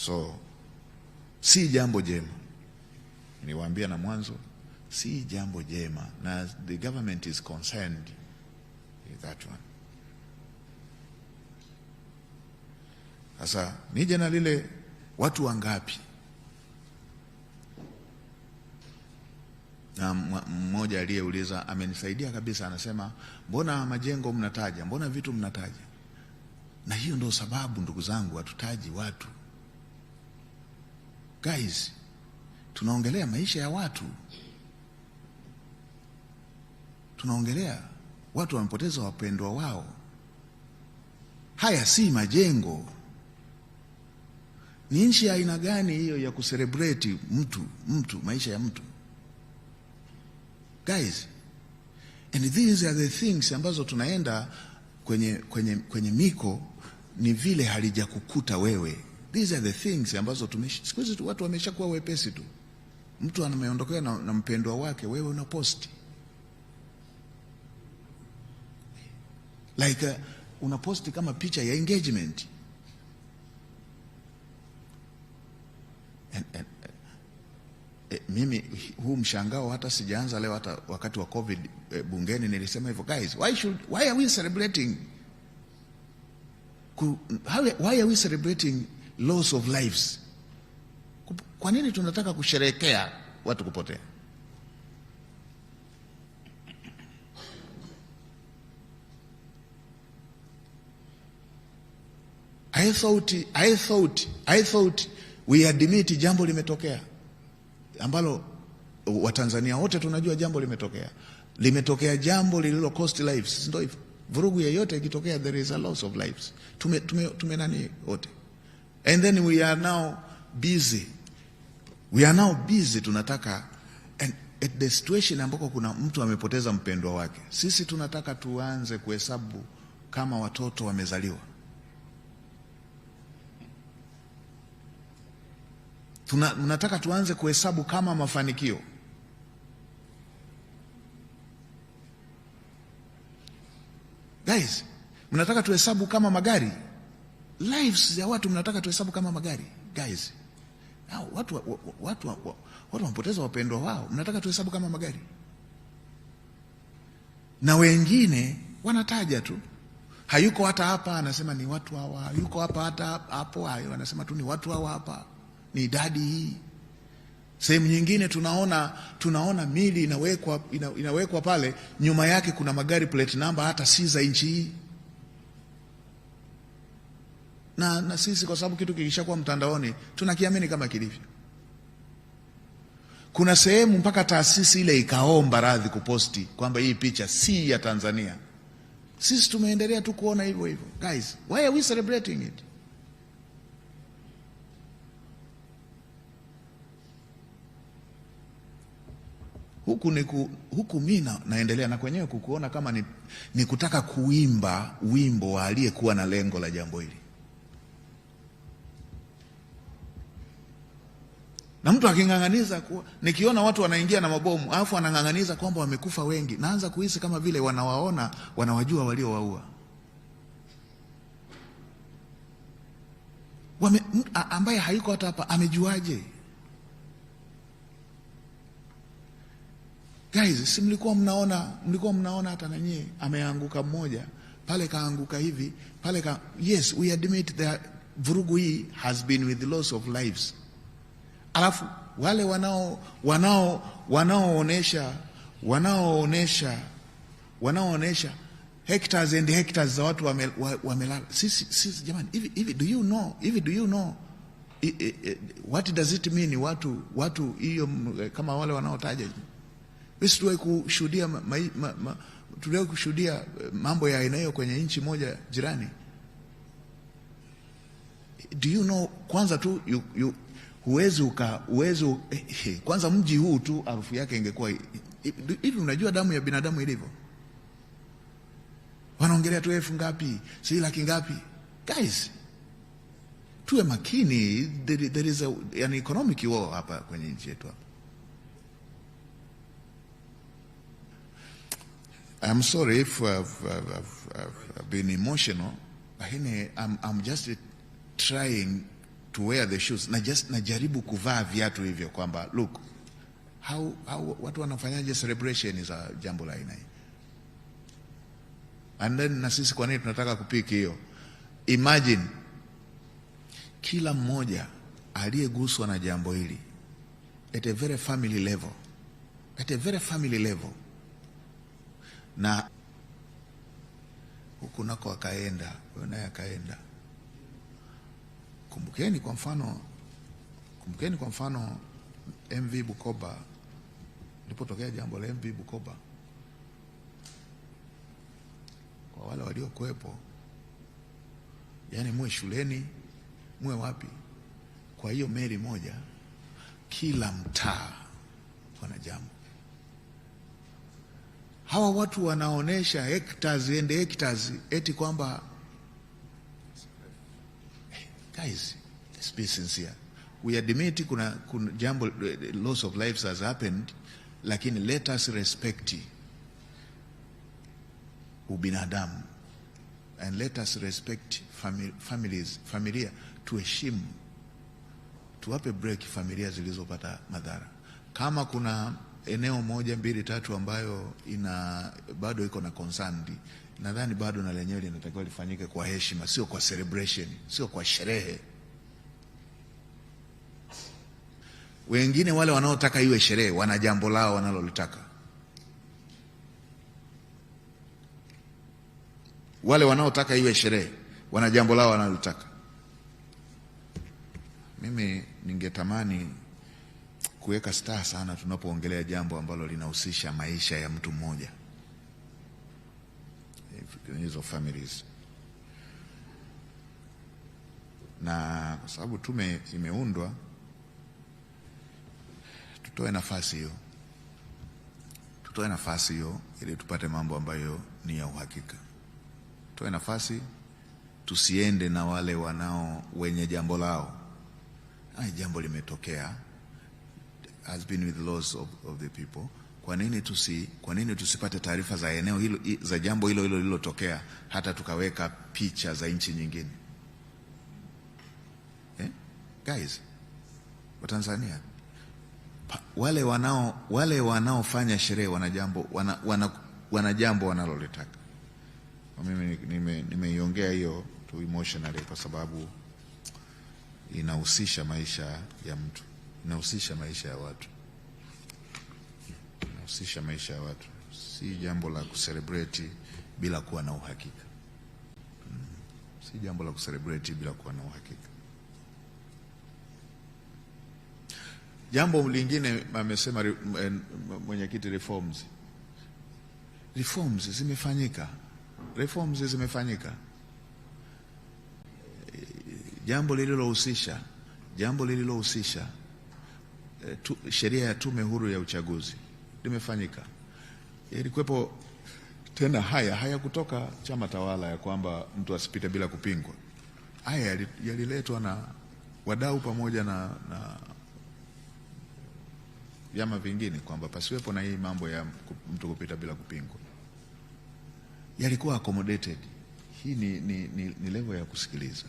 So si jambo jema, niwaambia na mwanzo, si jambo jema, na the government is concerned with that one. Sasa nije na lile, watu wangapi? Na mmoja aliyeuliza amenisaidia kabisa, anasema mbona majengo mnataja, mbona vitu mnataja? Na hiyo ndio sababu ndugu zangu, hatutaji watu Guys, tunaongelea maisha ya watu, tunaongelea watu wamepoteza wapendwa wao. Haya si majengo. Ni nchi ya aina gani hiyo ya kuselebreti mtu mtu maisha ya mtu? Guys, and these are the things ambazo tunaenda kwenye, kwenye, kwenye miko, ni vile halijakukuta wewe These are the things ambazo siku hizi watu wameshakuwa wepesi tu. Mtu ameondokea na, na mpendwa wake, wewe una posti like uh, una posti kama picha ya engagement and, and, E, mimi huu mshangao hata sijaanza leo. Hata wakati wa COVID e, bungeni nilisema hivyo, guys why should, why are we celebrating why are we celebrating loss of lives. Kwa nini tunataka kusherehekea watu kupotea? I thought, I thought, I thought we admit jambo limetokea ambalo Watanzania wote tunajua jambo limetokea, limetokea jambo lililo cost lives, ndio hivyo. Vurugu yoyote ikitokea, there is a loss of lives. Tume, tume, tume nani wote And then we are now busy. We are now busy tunataka and at the situation ambako kuna mtu amepoteza mpendwa wake, sisi tunataka tuanze kuhesabu kama watoto wamezaliwa. Tunataka tuanze kuhesabu kama mafanikio. Guys, mnataka tuhesabu kama magari lives ya watu mnataka tuhesabu kama magari guys? Now, watu watu watu, wanapoteza wapendwa wao, mnataka tuhesabu kama magari? Na wengine wanataja tu, hayuko hata hapa, anasema ni watu hawa, yuko hapa hata hapo, hayo anasema tu ni watu hawa hapa, ni idadi hii. Sehemu nyingine tunaona tunaona mili inawekwa, inawekwa pale nyuma yake kuna magari plate number hata si za nchi hii na, na sisi kwa sababu kitu kikishakuwa mtandaoni tunakiamini kama kilivyo. Kuna sehemu mpaka taasisi ile ikaomba radhi kuposti kwamba hii picha si ya Tanzania. Sisi tumeendelea tu kuona hivyo hivyo. Guys, why are we celebrating it? Huku, niku, huku mi naendelea na kwenyewe kukuona kama ni, ni kutaka kuimba wimbo wa aliyekuwa na lengo la jambo hili. na mtu aking'ang'aniza kuwa, nikiona watu wanaingia na mabomu alafu anang'ang'aniza kwamba wamekufa wengi, naanza kuhisi kama vile wanawaona wanawajua waliowaua wame, ambaye hayuko hata hapa amejuaje? Guys, si mlikuwa mnaona, mlikuwa mnaona hata nanyi ameanguka mmoja pale, kaanguka hivi pale ka, yes we admit that vurugu hii has been with loss of lives Alafu wale wanao wanao wanaoonesha wanaoonesha wanaoonesha hectares and hectares za watu wamelala wame, wame sisi, sisi jamani, hivi hivi do you know, hivi do you know I, I, I, what does it mean watu watu hiyo mm, kama wale wanaotaja sisi tuwe kushuhudia ma, ma, ma, ma, tuliwahi kushuhudia eh, mambo ya aina hiyo kwenye nchi moja jirani. Do you know, kwanza tu you, you, huwezi uka uwezo eh, eh, kwanza, mji huu tu harufu yake ingekuwa hivi. Unajua damu ya binadamu ilivyo, wanaongelea tu elfu ngapi, si laki ngapi? Guys, tuwe makini, there, there is a, an economic war hapa kwenye nchi yetu hapa. I'm sorry if I've, I've, I've, I've been emotional lakini I'm, I'm just trying to wear the shoes na just najaribu kuvaa viatu hivyo kwamba look how, how, watu wanafanyaje celebration za jambo la aina hii and then na sisi kwa nini tunataka kupiki hiyo imagine kila mmoja aliyeguswa na jambo hili at a very family level at a very family level na huku nako akaenda naye akaenda Kumbukeni kwa mfano, kumbukeni kwa mfano MV Bukoba lipotokea jambo la MV Bukoba, kwa wale waliokuwepo, yani muwe shuleni, muwe wapi, kwa hiyo meli moja, kila mtaa wana jambo. Hawa watu wanaonesha hectares and hectares eti kwamba Guys, let's be sincere. We admit kuna, kuna jambo eh, eh, loss of lives has happened, lakini let us respect ubinadamu and let us respect famili, families, familia. Tuheshimu, tuwape break familia zilizopata madhara. Kama kuna eneo moja mbili tatu ambayo ina bado iko na concern, nadhani bado na lenyewe linatakiwa lifanyike kwa heshima, sio kwa celebration, sio kwa sherehe. Wengine wale wanaotaka iwe sherehe wana jambo lao wanalolitaka, wale wanaotaka iwe sherehe wana jambo lao wanalolitaka. Mimi ningetamani kuweka staa sana tunapoongelea jambo ambalo linahusisha maisha ya mtu mmoja hizo families, na kwa sababu tume imeundwa, tutoe nafasi hiyo, tutoe nafasi hiyo ili tupate mambo ambayo ni ya uhakika. Tutoe nafasi, tusiende na wale wanao wenye jambo lao, ai, jambo limetokea has been with laws of, of the people. Kwa nini tusi, kwa nini tusipate taarifa za eneo hilo za jambo hilo hilo lililotokea hata tukaweka picha za nchi nyingine eh? Guys wa Tanzania pa, wale wanao wale wanaofanya sherehe wana jambo wana, wana, wana jambo wanalolitaka. Mimi nimeiongea nime hiyo tu emotionally kwa sababu inahusisha maisha ya mtu inahusisha maisha ya watu, inahusisha maisha ya watu, si jambo la kucelebrate bila kuwa na uhakika, hmm. si jambo la kucelebrate bila kuwa na uhakika. Jambo lingine amesema mwenyekiti, reforms reforms zimefanyika, reforms zimefanyika. Jambo lililohusisha jambo lililohusisha Eh, tu, sheria ya Tume Huru ya Uchaguzi limefanyika. Ilikuwepo tena, haya hayakutoka chama tawala ya kwamba mtu asipite bila kupingwa. Haya yaliletwa na wadau pamoja na, na vyama vingine kwamba pasiwepo na hii mambo ya mtu kupita bila kupingwa. Yalikuwa accommodated. Hii ni, ni, ni, ni level ya kusikiliza.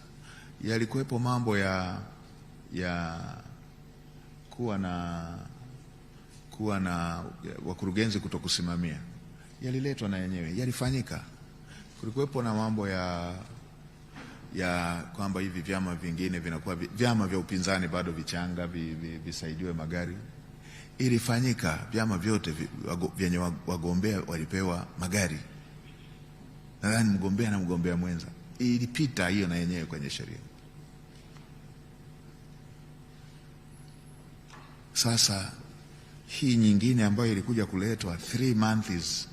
Yalikuwepo mambo ya ya kuwa na, kuwa na wakurugenzi kutokusimamia yaliletwa na yenyewe, yalifanyika. Kulikuwepo na mambo ya ya kwamba hivi vyama vingine vinakuwa vyama vya upinzani bado vichanga visaidiwe magari. Ilifanyika, vyama vyote vyenye wagombea walipewa magari, nadhani mgombea na mgombea mwenza. Ilipita hiyo na yenyewe kwenye sheria. Sasa hii nyingine ambayo ilikuja kuletwa three months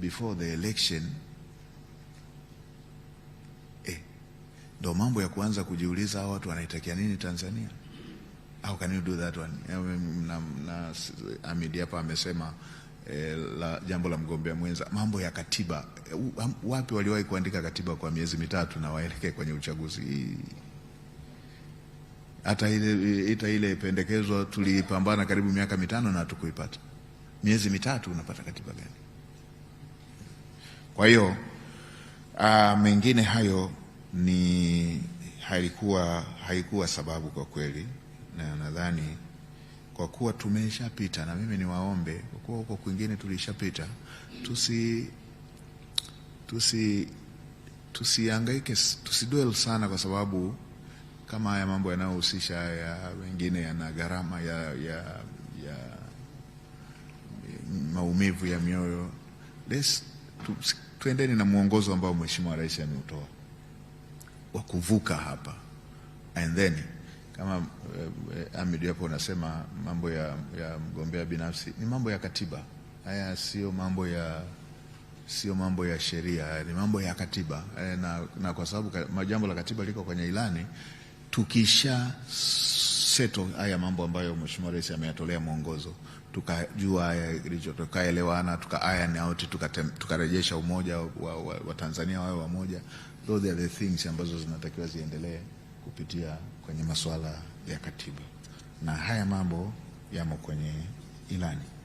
before the election eh, ndo mambo ya kuanza kujiuliza hawa watu wanaitakia nini Tanzania? How can you do that one? Eh, na, na Amidi hapa amesema eh, la, jambo la mgombea mwenza, mambo ya katiba. Eh, wapi waliwahi kuandika katiba kwa miezi mitatu na waelekee kwenye uchaguzi? hata ile ita ile pendekezwa tulipambana karibu miaka mitano na hatukuipata. Miezi mitatu unapata katiba gani? Kwa hiyo ah, mengine hayo ni haikuwa haikuwa sababu kwa kweli, na nadhani kwa kuwa tumeshapita, na mimi niwaombe kwa kuwa huko kwingine tulishapita, tusi tusi tusiangaike tusidwell sana kwa sababu kama haya mambo yanayohusisha ya wengine yana gharama ya, ya, ya maumivu ya mioyo Let's, tu, tuendeni na mwongozo ambao Mheshimiwa Rais ameutoa wa kuvuka hapa and then kama eh, Amid hapo unasema mambo ya, ya mgombea binafsi ni mambo ya katiba haya, sio mambo ya sio mambo ya sheria, ni mambo ya katiba eh, na, na kwa sababu jambo la katiba liko kwenye ilani tukisha seto haya mambo ambayo Mheshimiwa Rais ameyatolea mwongozo, tukajua haya ilicho, tukaelewana, tuka iron out, tukarejesha tuka umoja wa, wa, wa Tanzania wawe wamoja. Those are the things ambazo zinatakiwa ziendelee kupitia kwenye masuala ya katiba, na haya mambo yamo kwenye ilani.